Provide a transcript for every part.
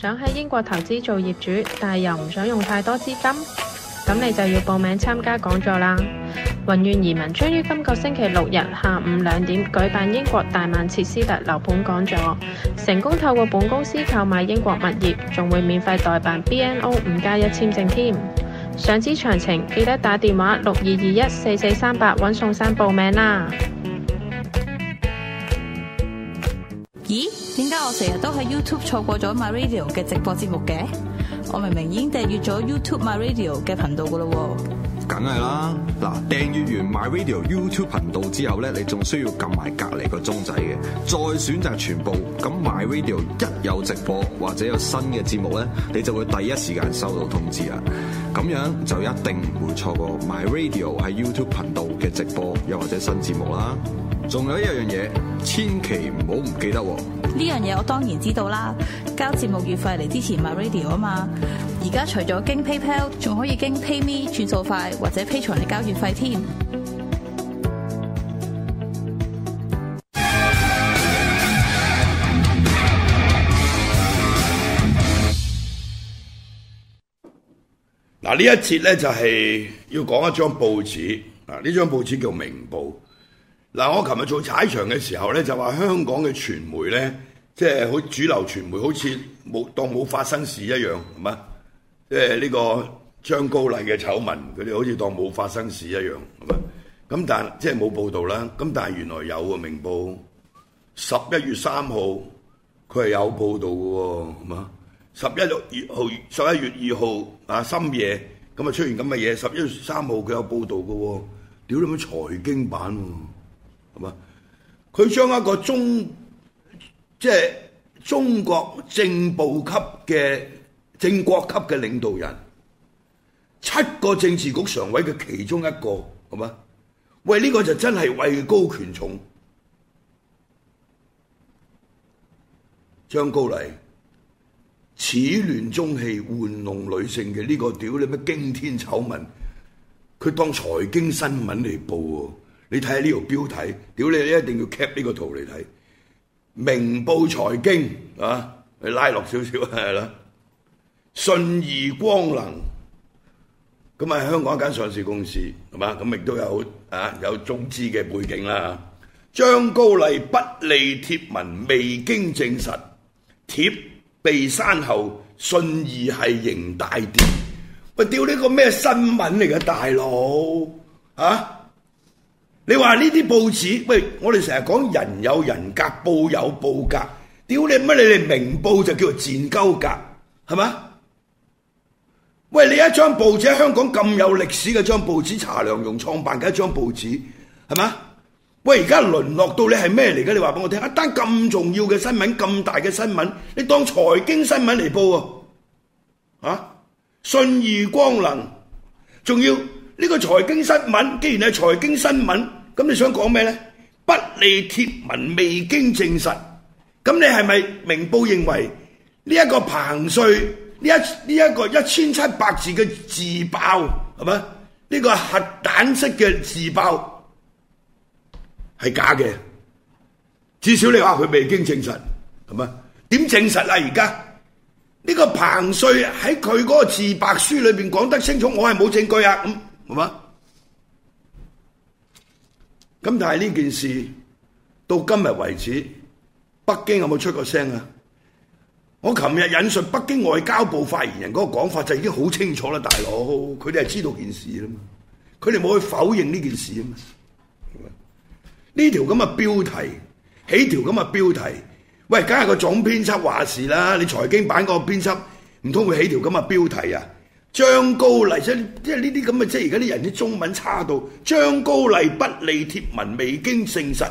想喺英國投資做業主，但係又唔想用太多資金，咁你就要報名參加講座啦。云願移民將於今個星期六日下午兩點舉辦英國大曼切斯特樓盤講座，成功透過本公司購買英國物業，仲會免費代辦 B N O 五加一簽證添。想知詳情，記得打電話六二二一四四三八，揾宋生報名啦。咦？點解我成日都喺 YouTube 錯過咗 My Radio 嘅直播節目嘅？我明明已經訂閱咗 YouTube My Radio 嘅頻道㗎喇喎。梗係啦，嗱，訂閱完 My Radio YouTube 頻道之後咧，你仲需要撳埋隔籬個鐘仔嘅，再選擇全部。咁 My Radio 一有直播或者有新嘅節目咧，你就會第一時間收到通知啦！咁樣就一定唔會錯過 My Radio 喺 YouTube 頻道嘅直播又或者新節目啦。仲有一樣嘢，千祈唔好唔記得。呢樣嘢我當然知道啦，交節目月費嚟支持 My Radio 啊嘛。而家除咗經 PayPal，仲可以經 PayMe 轉數快，或者 Patreon 嚟交月費添。嗱，呢一節咧就係要講一張報紙啊！呢張報紙叫《明報》。嗱，我琴日做踩場嘅時候咧，就話香港嘅傳媒咧，即係好主流傳媒好，好似冇當冇發生事一樣，係嘛？誒，呢個張高麗嘅醜聞，佢哋好似當冇發生事一樣，係嘛？咁但係即係冇報道啦。咁但係原來有啊，《明報》十一月三號佢係有報道嘅喎，係嘛？十一月二號，十一月二號啊，深夜咁啊出現咁嘅嘢。十一月三號佢有報道嘅喎，屌你媽，財經版喎，係嘛？佢將一個中即係中國正部級嘅正國級嘅領導人，七個政治局常委嘅其中一個，好嘛？喂，呢、這個就真係位高權重。張高麗始亂終棄玩弄女性嘅呢個屌你咩驚天醜聞，佢當財經新聞嚟報喎，啊，你睇下呢條標題，屌你一定要 cap 呢個圖嚟睇。明報財經啊，你拉落少少係啦。信義光能咁啊，香港一間上市公司係嘛，咁亦都有啊有中資嘅背景啦。張高麗不利貼文未經證實，貼被刪後信義系贏大跌，啊。喂，屌呢個咩新聞嚟嘅大佬啊？你話呢啲報紙喂，我哋成日講人有人格，報有報格。屌你乜你哋明報就叫做賤鳩格，係嘛？喂，你一張報紙喺香港咁有歷史嘅張報紙，查良鏞創辦嘅一張報紙，係嘛？喂，而家淪落到你係咩嚟㗎？你話畀我聽，一單咁重要嘅新聞，咁大嘅新聞，你當財經新聞嚟報喎，啊？啊，信義光能，仲要呢、呢個財經新聞，既然係財經新聞，咁你想講咩咧？不利帖文未經證實，咁你係咪明報認為呢一、呢個彭帥？呢一一個一千七百字嘅自爆係咪？呢、呢個核彈式嘅自爆係假嘅，至少你話佢未經證實係咪？點證實啊？而家呢個彭帥喺佢嗰個自白書裏面講得清楚，我係冇證據啊，咁但係呢件事到今日為止，北京有冇出過聲啊？我琴日引述北京外交部發言人嗰個講法就已經好清楚啦，大佬佢哋係知道件事啦嘛，佢哋冇去否認呢件事啊嘛。呢條咁嘅標題，起條咁嘅標題，喂，梗係個總編輯話事啦。你財經版個編輯唔通會起條咁嘅標題啊？張高麗即即係呢啲咁嘅，即係而家啲人啲中文差到張高麗不利貼文未經證實，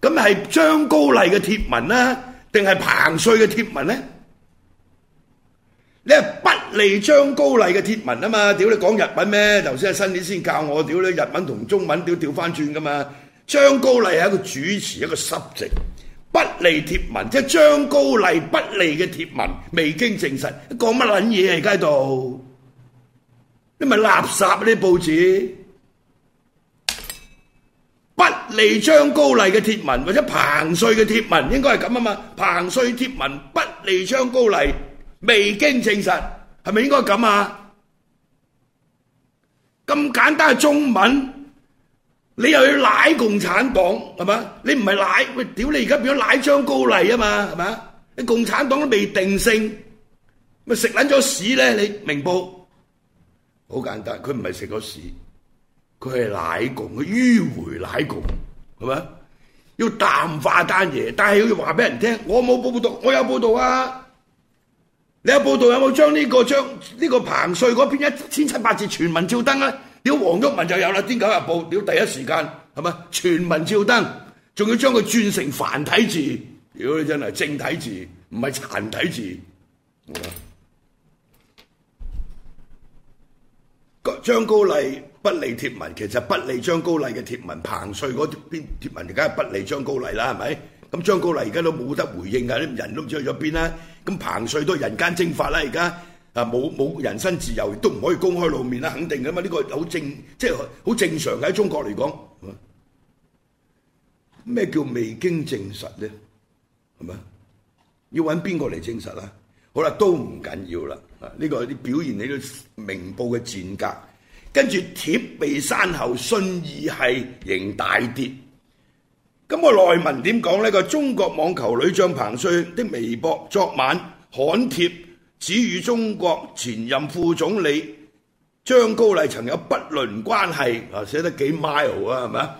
咁係張高麗嘅貼文啦、啊。定係彭帥嘅帖文咧？你係不利張高麗嘅帖文啊嘛？屌你講日文咩？頭先喺新年先教我，屌你日文同中文屌調翻轉噶嘛？張高麗係一個主持一個濕席，不利帖文，即係張高麗不利嘅帖文未經證實，講乜撚嘢喺街度？你咪垃圾呢啲報紙。利張高麗嘅貼文或者彭帥嘅貼文應該係咁啊嘛？彭帥貼文不利張高麗未經證實，係咪應該咁啊？咁簡單嘅中文，你又要奶共產黨係嘛？你唔係奶喂，屌你而家變咗奶張高麗啊嘛？係嘛？你共產黨都未定性，咪食撚咗屎咧？你明報？好簡單，佢唔係食咗屎。佢係奶共，佢迂回奶共，係咪要淡化單嘢，但係要話俾人聽，我冇報報道，我有報道啊！你有報道有冇將呢、這個將呢個彭帥嗰篇一千七百字全文照登啊？屌黃毓民就有啦，《癲狗日報》屌第一時間係咪？全文照登，仲要將佢轉成繁體字，如果你真係正體字，唔係殘體字。張高麗。不利帖文，其實不利張高麗嘅帖文，彭帥嗰邊帖文，梗係不利張高麗啦，係咪？咁張高麗而家都冇得回應啊，啲人都唔知去咗邊啦。咁彭帥都係人間蒸發啦，而家啊冇冇人身自由，亦都唔可以公開露面啦，肯定噶嘛。呢個好正，即係好正常嘅喺中國嚟講。咩叫未經證實咧？係咪？要揾邊個嚟證實啊？好啦，都唔緊要啦。啊，呢個啲表現喺度明報嘅賤格。跟住貼被刪後，信義係仍大跌。咁個內文點講呢？個中國網球女將彭帥的微博昨晚罕貼，指與中國前任副總理張高麗曾有不倫關係，啊寫得幾 mile 啊，係咪？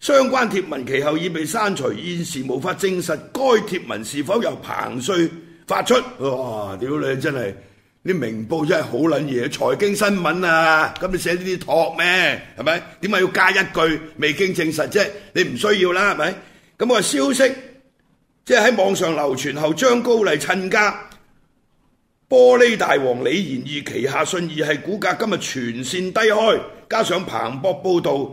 相關貼文其後已被刪除，現時無法證實該貼文是否由彭帥發出。哇！屌你真係～啲明報真係好撚嘢，財經新聞啊，咁你寫呢啲託咩？係咪？點解要加一句未經證實啫？你唔需要啦，係咪？咁個消息即係喺網上流傳後，張高麗親家，玻璃大王李賢義旗下信義係股價今日全線低開，加上彭博報道。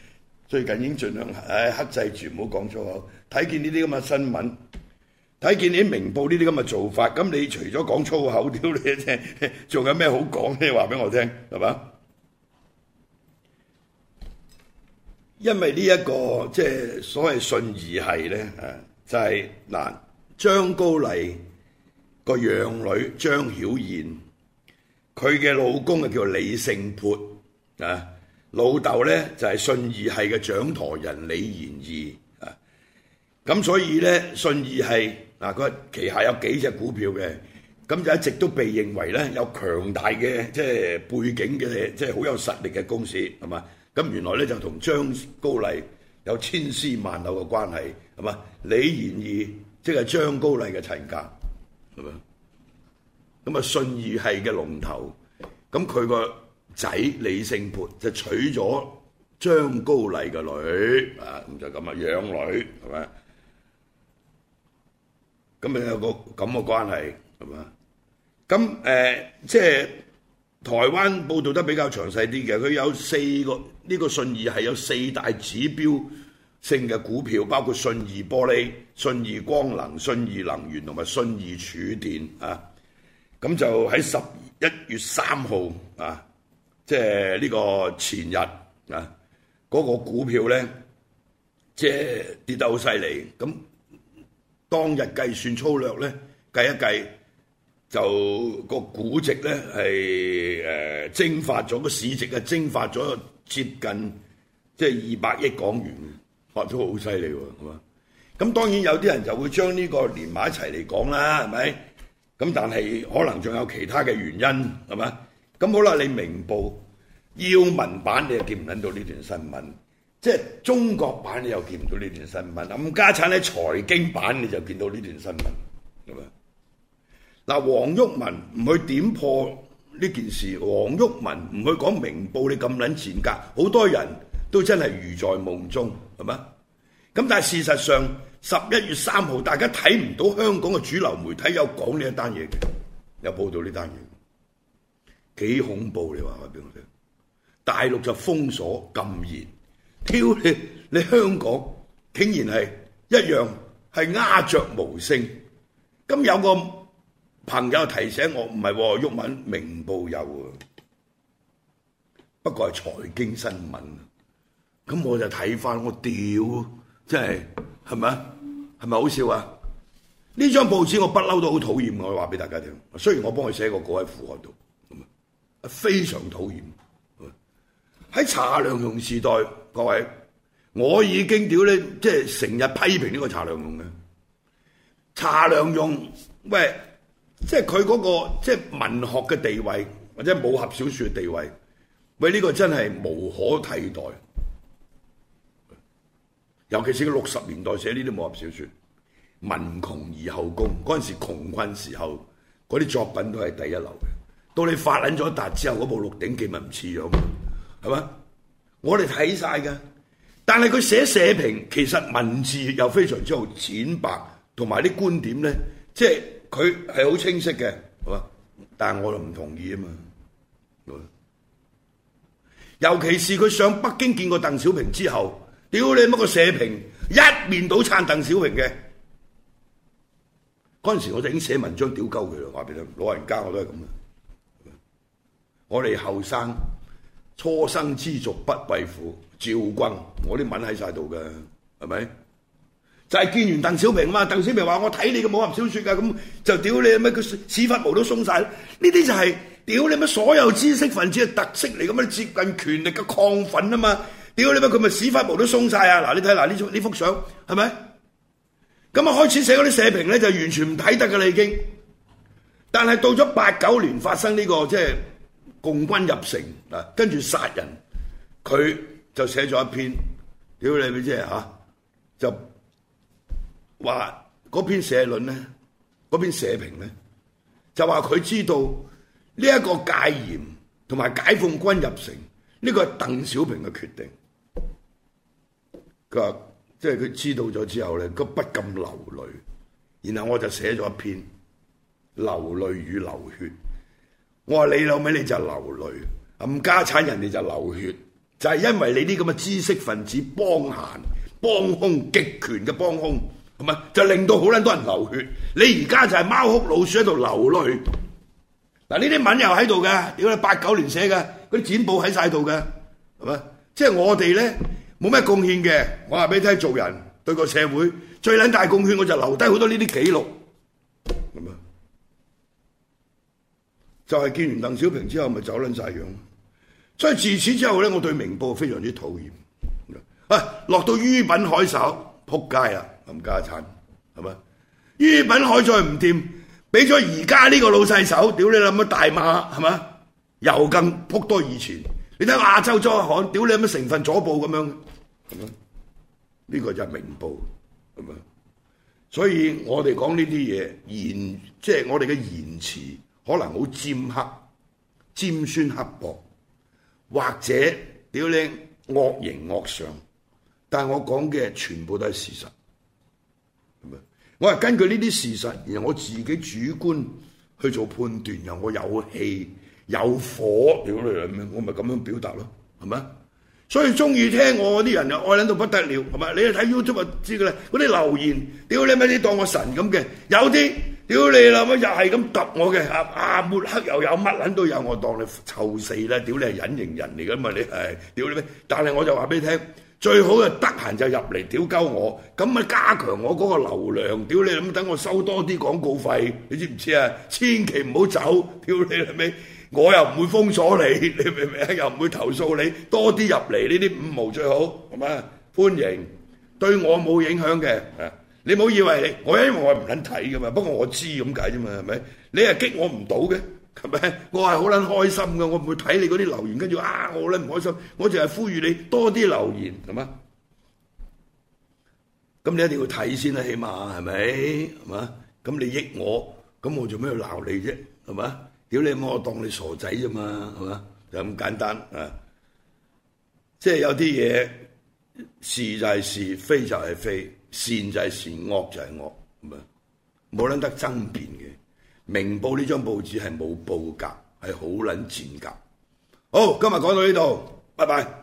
最近已盡量唉克制住唔好講粗口。睇見呢啲咁嘅新聞，睇見你明報呢啲咁嘅做法，咁你除咗講粗口屌你一聲，仲有咩好講咧？話俾我聽係嘛？因為呢一個即係所謂信義係咧，誒就係嗱張高麗個養女張曉燕，佢嘅老公係叫李盛潑啊。老豆呢，爸爸就係信義系嘅掌舵人李賢義啊，咁所以呢，信義系啊佢旗下有幾隻股票嘅，咁就一直都被認為呢，有強大嘅即係背景嘅即係好有實力嘅公司係嘛，咁原來呢，就同張高麗有千絲萬縷嘅關係係嘛，李賢義即係張高麗嘅親家係嘛？咁啊信義系嘅龍頭，咁佢個仔李勝撥就娶咗張高麗嘅女，啊，咁就咁啊，養女係咪？咁咪有個咁嘅關係係嘛？咁誒、呃，即係台灣報道得比較詳細啲嘅，佢有四個呢、這個信義系有四大指標性嘅股票，包括信義玻璃、信義光能、信義能源同埋信義儲電啊。咁就喺十一月三號啊。即係呢個前日啊，嗰、那個股票咧，即係跌得好犀利。咁當日計算粗略咧，計一計就個股值咧係誒蒸發咗個市值嘅蒸發咗接近即係二百億港元，跌咗好犀利喎，係嘛？咁當然有啲人就會將呢個連埋一齊嚟講啦，係咪？咁但係可能仲有其他嘅原因，係嘛？咁好啦，你明報要聞版你又見唔撚到呢段新聞，即係中國版你又見唔到呢段新聞，咁家產喺財經版你就見到呢段新聞，係咪？嗱，黃毓民唔去點破呢件事，黃毓民唔去講明報你咁撚賤格，好多人都真係如在夢中，係咪？咁但係事實上十一月三號，大家睇唔到香港嘅主流媒體有講呢一單嘢嘅，有報導呢單嘢。幾恐怖！你話俾我聽，大陸就封鎖咁嚴，挑你你香港竟然係一樣係鴉雀無聲。咁有個朋友提醒我，唔係喎，毓民，明報有啊，不過係財經新聞。咁我就睇翻，我屌真係係咪啊？係咪好笑啊？呢張報紙我不嬲都好討厭，我話俾大家聽。雖然我幫佢寫個稿喺副刊度。非常討厭喺查良鏞時代，各位，我已經屌咧，即係成日批評呢個查良鏞嘅。查良鏞，喂，即係佢嗰個即係文學嘅地位，或者武俠小説嘅地位，喂，呢、呢個真係無可替代。尤其是佢六十年代寫呢啲武俠小説，文窮而後工嗰陣時窮困時候，嗰啲作品都係第一流嘅。到你發捻咗達之後，嗰部鹿鼎記咪唔似樣？係嘛？我哋睇曬嘅，但係佢寫社評，其實文字又非常之好淺白，同埋啲觀點咧，即係佢係好清晰嘅，係嘛？但係我就唔同意啊嘛。尤其是佢上北京見過鄧小平之後，屌你乜個社評一面倒撐鄧小平嘅嗰陣時，我就已經寫文章屌鳩佢啦。話俾你聽，老人家，我都係咁嘅。我哋後生，初生之族不畏苦，趙軍，我啲文喺晒度㗎，係咪？就係見完鄧小平啊嘛，鄧小平話我睇你嘅武俠小説㗎、啊，咁就屌你乜佢屎忽毛都鬆晒。呢啲就係屌你乜所有知識分子嘅特色嚟，咁樣接近權力嘅亢奮啊嘛。屌你乜佢咪屎忽毛都鬆晒啊！嗱，你睇下嗱，呢呢幅相係咪？咁啊開始寫嗰啲社評咧，就完全唔睇得㗎啦已經。但係到咗八九年發生呢、呢個即係。就是共軍入城嗱，跟住殺人，佢就寫咗一篇，屌你咪知嚇，就話嗰篇社論咧，嗰篇社評咧，就話佢知道呢一個戒嚴同埋解放軍入城呢個係鄧小平嘅決定。佢話即係佢知道咗之後咧，佢不禁流淚。然後我就寫咗一篇《流淚與流血》。我話你老尾你就流淚，冚家產人哋就流血，就係因為你啲咁嘅知識分子幫閒幫凶，極權嘅幫凶，係咪？就令到好捻多人流血。你而家就係貓哭老鼠喺度流淚。嗱，呢啲文又喺度嘅，屌你八九年寫嘅？嗰啲展報喺晒度嘅，係咪？即係我哋咧冇咩貢獻嘅。我話俾你聽，做人對個社會最捻大貢獻，我就留低好多呢啲記錄。就係見完鄧小平之後，咪走撚晒樣，所以自此之後咧，我對明報非常之討厭。啊，落到于品海手，撲街啦，冚家鏟，係咪？于品海再唔掂，俾咗而家呢個老細手，屌你諗乜大馬，係咪？又更撲多以前，你睇亞洲週刊，屌你諗乜成分左報咁樣，咁樣呢個就係明報，係咪？所以我哋講呢啲嘢言，即係我哋嘅言辭。可能好尖刻、尖酸刻薄，或者屌你惡形惡相，但係我講嘅全部都係事實。係咪？我係根據呢啲事實，然後我自己主觀去做判斷，然後我有氣有火，屌你咁樣，我咪咁樣表達咯，係咪？所以中意聽我嗰啲人又愛撚到不得了，係咪？你去睇 YouTube 知㗎啦，嗰啲留言屌你咪你當我神咁嘅，有啲。屌你啦！乜又係咁揼我嘅？啊，抹黑又有乜捻都有，我當你臭死啦！屌你係隱形人嚟噶嘛？你係，屌你咩？但係我就話俾你聽，最好就得閒就入嚟屌鳩我，咁咪加強我嗰個流量。屌你咁等我收多啲廣告費，你知唔知啊？千祈唔好走，屌你老味！我又唔會封鎖你，你明唔明啊？又唔會投訴你，多啲入嚟呢啲五毛最好，係嘛？歡迎，對我冇影響嘅。你唔好以為你，我因為我唔捻睇噶嘛，不過我知咁解啫嘛，係咪？你係激我唔到嘅，係咪？我係好捻開心噶，我唔會睇你嗰啲留言，跟住啊，我捻唔開心，我淨係呼籲你多啲留言，係嘛？咁你一定要睇先啦，啊，起碼，係咪？係嘛？咁你益我，咁我做咩要鬧你啫？係嘛？屌你冇，我當你傻仔啫嘛，係嘛？就咁簡單啊！即係、就是、有啲嘢是就係是非就係非。善就係善，惡就係惡，唔係冇撚得爭辯嘅。明報呢張報紙係冇報格，係好撚賤格。好，今日講到呢度，拜拜。